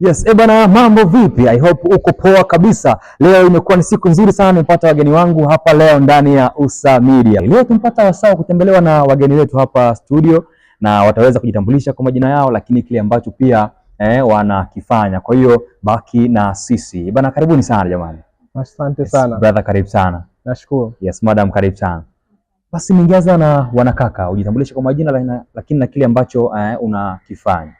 Yes, eh bana, mambo vipi? I hope uko poa kabisa. Leo imekuwa ni siku nzuri sana, nimepata wageni wangu hapa leo ndani ya Usa Media. Leo tumepata wasaa wa kutembelewa na wageni wetu hapa studio, na wataweza kujitambulisha kwa majina yao, lakini kile ambacho pia eh, wanakifanya. Kwa hiyo baki na sisi eh, bana, karibuni sana jamani. Asante sana. Yes, brother karibu sana. Nashukuru. Yes, madam karibu sana. Basi ningeanza na wanakaka, ujitambulishe kwa majina, lakini na kile ambacho eh, unakifanya.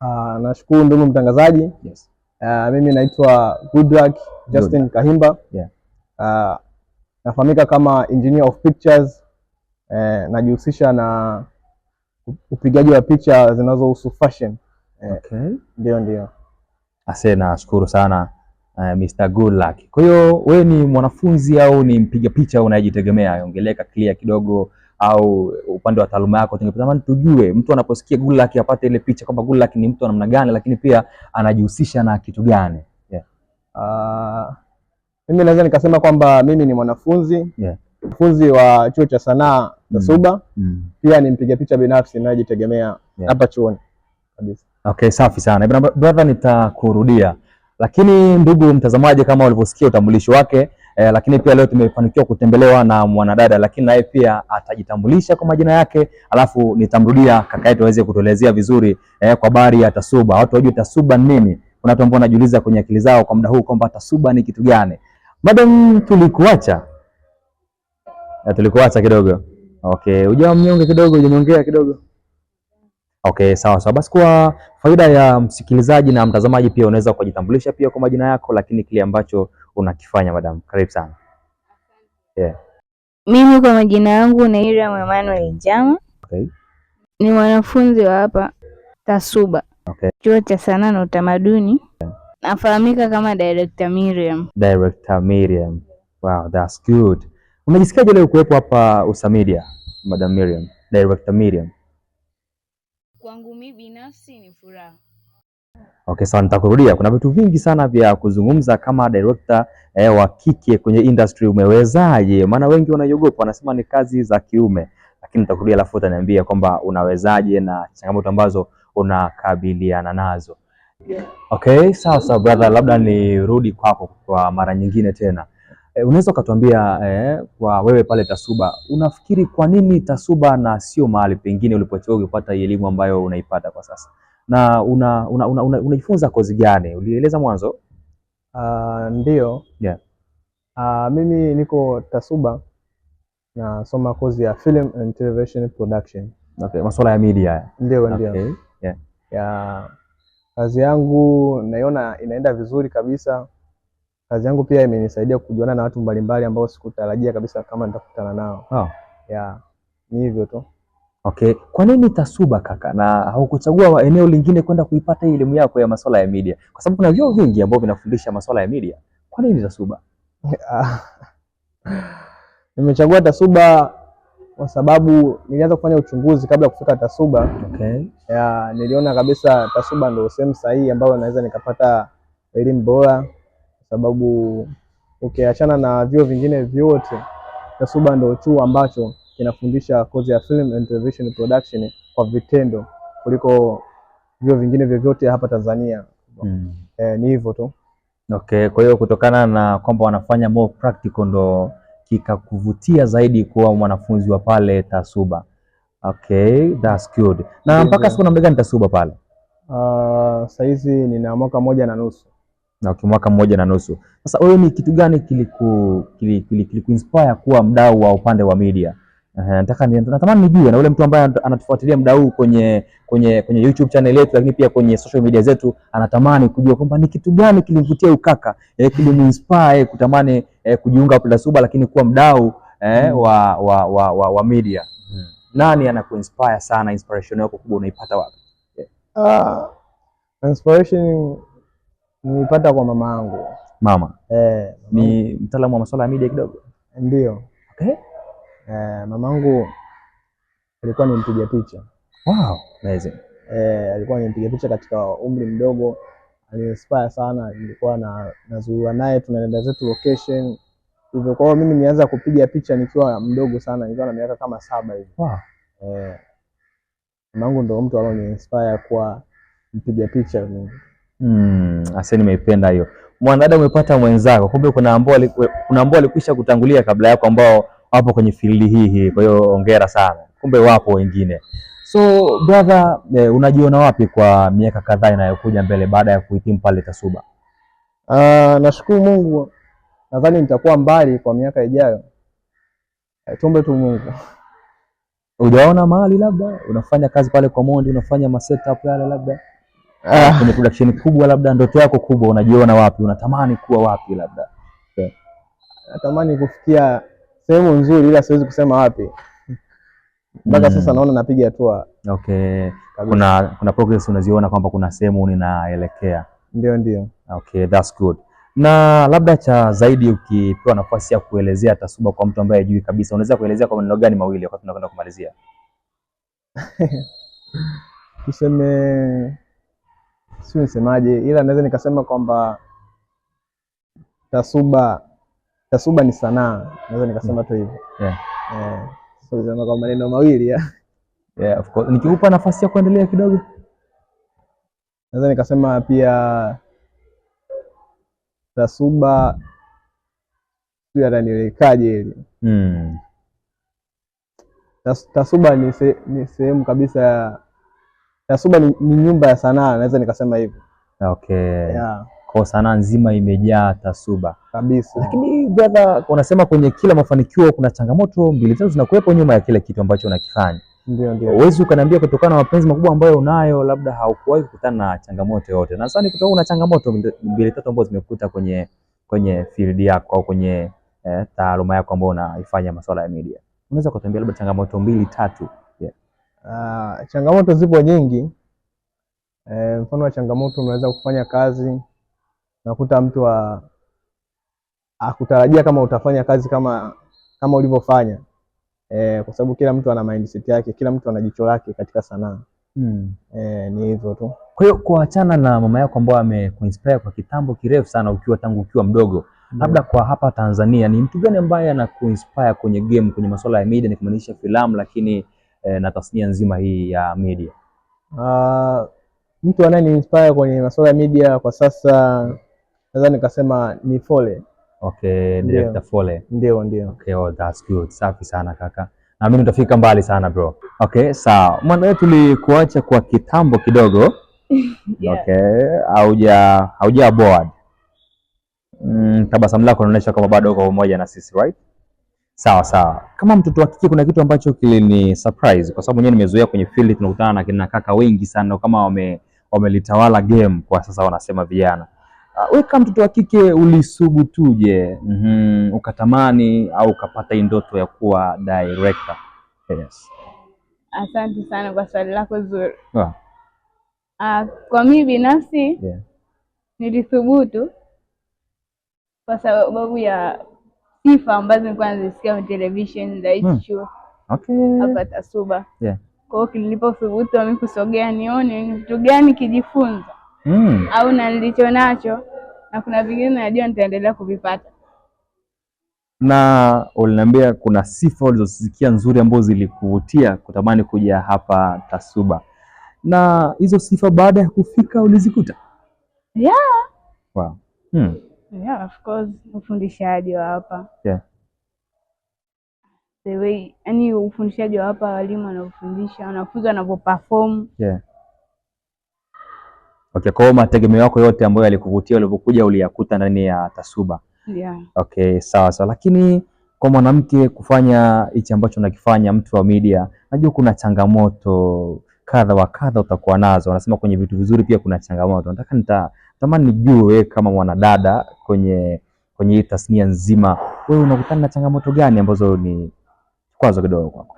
Ah, nashukuru ndugu mtangazaji. Yes. Uh, mimi naitwa Goodluck Justin Good. Kahimba. Yeah. Uh, nafahamika kama engineer of pictures. Eh, najihusisha na upigaji wa picha zinazohusu fashion. Eh, okay. Ndio, ndio. Asante, nashukuru sana uh, eh, Mr. Goodluck. Kwa hiyo wewe ni mwanafunzi au ni mpiga picha unayejitegemea? Ongeleka clear kidogo au upande wa taaluma yako, tungetamani tujue mtu anaposikia Good Luck apate ile picha kwamba Good Luck ni mtu wa namna gani, lakini pia anajihusisha na kitu gani? yeah. Uh, mimi naweza nikasema kwamba mimi ni mwanafunzi yeah. wa chuo cha sanaa cha mm. mm. pia ni mpiga picha binafsi ninayejitegemea hapa yeah. chuoni kabisa. Okay, safi sana brother, nitakurudia lakini ndugu mtazamaji, kama ulivyosikia utambulisho wake E, lakini pia leo tumefanikiwa kutembelewa na mwanadada, lakini naye pia atajitambulisha kwa majina yake, alafu nitamrudia kaka yetu aweze kutuelezea vizuri e, kwa habari ya TASUBA. Watu wajue TASUBA ni nini? Kuna watu ambao wanajiuliza kwenye akili zao kwa muda huu kwamba TASUBA ni kitu gani? Madam, tulikuacha ya, eh, tulikuacha kidogo. Okay, ujawa mnyonge kidogo, unyongea kidogo. Okay, sawa sawa. Basi kwa faida ya msikilizaji na mtazamaji pia unaweza kujitambulisha pia kwa majina yako, lakini kile ambacho unakifanya madam. Karibu sana yeah. Mimi kwa majina yangu ni Naira Emmanuel Njama. Okay. Ni mwanafunzi wa hapa Tasuba. Okay. Chuo cha Sanaa na Utamaduni. Okay. Nafahamika kama Director Miriam. Director Miriam. Wow, that's good. Umejisikiaje leo kuwepo hapa Usamidia, Madam Miriam, Director Miriam? Kwangu mimi binafsi ni furaha Okay, sawa, nitakurudia. Kuna vitu vingi sana vya kuzungumza kama director eh, wa kike kwenye industry, umewezaje? Maana wengi wanaogopa, wanasema ni kazi za kiume, lakini nitakurudia, alafu utaniambia kwamba unawezaje na changamoto ambazo unakabiliana nazo. Okay, sawa sawa brother, labda nirudi kwako kwa mara nyingine tena. E, unaweza ukatuambia eh, kwa wewe pale Tasuba unafikiri kwa nini Tasuba na sio mahali pengine ulipochoka kupata elimu ambayo unaipata kwa sasa? na unajifunza una, una, una, una kozi gani? Ulieleza mwanzo. Uh, ndio yeah. Uh, mimi niko TASUBA nasoma kozi ya Film and Television Production. Okay, masuala ya media. Ndio, ndio. Okay. Yeah. Ya kazi yangu naiona inaenda vizuri kabisa. Kazi yangu pia imenisaidia kujuana na watu mbalimbali ambao sikutarajia kabisa kama nitakutana nao. Oh. Yeah. Ni hivyo tu. Okay. Kwa nini Tasuba kaka, na haukuchagua eneo lingine kwenda kuipata hii elimu yako ya masuala ya media? Kwa sababu kuna vyuo vingi ambavyo vinafundisha masuala ya media. Kwa nini Tasuba? Nimechagua Tasuba kwa sababu nilianza kufanya uchunguzi kabla ya kufika Tasuba. Okay. Ya, niliona kabisa Tasuba ndio sehemu sahihi ambayo naweza nikapata elimu bora, kwa sababu ukiachana okay, na vyuo vingine vyote Tasuba ndio chuo ambacho inafundisha kozi ya film and television production kwa vitendo kuliko vyo vingine vyovyote hapa Tanzania. Mm. Eh, ni hivyo tu. Okay, kwa hiyo kutokana na kwamba wanafanya more practical ndo kikakuvutia zaidi kuwa mwanafunzi wa pale Tasuba. Okay, that's good. Na mpaka siku namna gani Tasuba pale? Uh, saizi nina mwaka moja na nusu. Na okay, mwaka mmoja na nusu. Sasa wewe ni kitu gani kiliku kiliku inspire kuwa mdau wa upande wa media? nataka ni, natamani nijue, na ule mtu ambaye anatufuatilia muda huu kwenye kwenye kwenye YouTube channel yetu, lakini pia kwenye social media zetu, anatamani kujua kwamba ni kitu gani kilimvutia ukaka eh, kilimuinspire eh, kutamani eh, kujiunga Pildasuba, lakini kuwa mdau eh, mm. wa, wa, wa, wa, wa media hmm. Nani anakuinspire sana? Inspiration yako kubwa unaipata wapi? yeah. Ah, inspiration niipata kwa mama yangu. Mama eh, ni mtaalamu wa masuala ya media kidogo, ndio okay. Eh, mamangu alikuwa ni mpiga picha. Wow, amazing. Eh, alikuwa ni mpiga picha katika umri mdogo, alinspire sana, nilikuwa na nazurua naye tunaenda zetu location hivyo. Kwa hiyo mimi nianza kupiga picha nikiwa mdogo sana, nikiwa na miaka kama saba hivi. Wow. Eh, mamangu ndio mtu alio inspire kuwa mpiga picha mimi. Mm, ase nimeipenda hiyo. Mwanadamu umepata mwenzako, kumbe kuna ambao kuna ambao alikwisha kutangulia kabla yako ambao wapo kwenye field hii hii, kwa hiyo hongera sana, kumbe wapo wengine. So brother, eh, unajiona wapi kwa miaka kadhaa inayokuja mbele baada ya kuhitimu pale Tasuba? Uh, nashukuru Mungu, nadhani nitakuwa mbali kwa miaka ijayo. Eh, Tuombe tu Mungu. Ujaona mahali labda unafanya kazi pale kwa Mondi, unafanya ma setup yale labda ah, kwenye production kubwa, labda ndoto yako kubwa unajiona wapi? Unatamani kuwa wapi labda? Okay. Natamani kufikia sehemu nzuri, ila siwezi kusema wapi mpaka mm. Sasa naona napiga hatua. Okay, kuna kuna progress unaziona kwamba kuna sehemu ninaelekea? Ndio, ndio. Okay, that's good. Na labda cha zaidi, ukipewa nafasi ya kuelezea TASUBA kwa mtu ambaye hajui kabisa, unaweza kuelezea kwa maneno gani mawili, wakati tunakwenda kumalizia? Tuseme, si nisemaje, ila naweza nikasema kwamba TASUBA Tasuba ni sanaa, naweza nikasema tu hivyo yeah. Yeah. So, kwa maneno mawili ya. Yeah, of course. Nikikupa nafasi ya kuendelea kidogo, naweza nikasema pia tasuba sio ataniwekaje hili mm. Tas, tasuba ni, se, ni sehemu kabisa ya tasuba ni, ni nyumba ya sanaa naweza nikasema hivyo okay. yeah kwa sanaa nzima imejaa tasuba kabisa. Lakini brother, unasema kwenye kila mafanikio kuna changamoto mbili tatu zinakuwepo nyuma ya kile kitu ambacho unakifanya. Ndio, ndio. Uwezi ukaniambia kutokana na mapenzi makubwa ambayo unayo labda haukuwahi kukutana na changamoto yote, na sasa nikutoa una changamoto mbili tatu ambazo zimekuta kwenye kwenye field yako au kwenye eh, taaluma yako ambayo unaifanya masuala ya media, unaweza kutuambia labda changamoto mbili tatu? yeah. Uh, changamoto zipo nyingi. Eh, mfano wa changamoto unaweza kufanya kazi unakuta mtu wa akutarajia kama utafanya kazi kama kama ulivyofanya e, kwa sababu kila mtu ana mindset yake, kila mtu ana jicho lake katika sanaa mm. E, ni hivyo tu. Kwa hiyo kuachana na mama yako ambaye amekuinspire kwa kitambo kirefu sana, ukiwa tangu ukiwa mdogo mm. labda kwa hapa Tanzania ni mtu gani ambaye anakuinspire kwenye game, kwenye masuala ya media, nikumaanisha filamu, lakini e, na tasnia nzima hii ya media? Uh, mtu anayeni inspire kwenye masuala ya media kwa sasa mm naweza nikasema ni Fole. Okay, director Fole. Ndio, ndio. Okay, oh, that's good. Safi sana kaka. Na mimi nitafika mbali sana bro. Okay, sawa. So, Mwana wetu tulikuacha kwa kitambo kidogo. yeah. Okay, hauja hauja board. Mm, tabasamu lako linaonyesha kama bado uko pamoja na sisi, right? Sawa sawa. Kama mtoto wa kike, kuna kitu ambacho kilini surprise kwa sababu mwenyewe nimezoea kwenye field tunakutana na kina kaka wengi sana kama wame wamelitawala game kwa sasa, wanasema vijana Ah, kama mtoto wa kike ulisubutuje, mm -hmm, ukatamani au ukapata hii ndoto ya kuwa director? Yes. Asante sana kwa swali lako zuri. Uh, kwa mimi binafsi yeah, nilithubutu kwa sababu ya sifa ambazo nilikuwa nazisikia kwenye television za hichi hmm. okay. hapa Tasuba. Kwa hiyo nilipothubutu mimi kusogea nione ni gani kijifunza mm. au na nilicho nacho, na kuna vingine najua nitaendelea kuvipata. Na uliniambia kuna sifa ulizosikia nzuri ambazo zilikuvutia kutamani kuja hapa Tasuba, na hizo sifa baada ya kufika ulizikuta? yeah. wow. hmm. yeah, of course ufundishaji wa hapa yeah. the way, yani ufundishaji wa hapa, walimu wanaofundisha, wanafunzi wanavyoperform yeah. Okay, kwa hiyo mategemeo yako yote ambayo yalikuvutia ulivyokuja uliyakuta ndani ya Tasuba. Yeah. Okay, sawa sawa. Lakini kwa mwanamke kufanya hichi ambacho unakifanya, mtu wa media, najua kuna changamoto kadha wa kadha utakuwa nazo. Wanasema kwenye vitu vizuri pia kuna changamoto. Nataka nitatamani nijue wewe kama mwanadada kwenye kwenye hii tasnia nzima, wewe unakutana na changamoto gani ambazo ni kwazo kidogo kwako?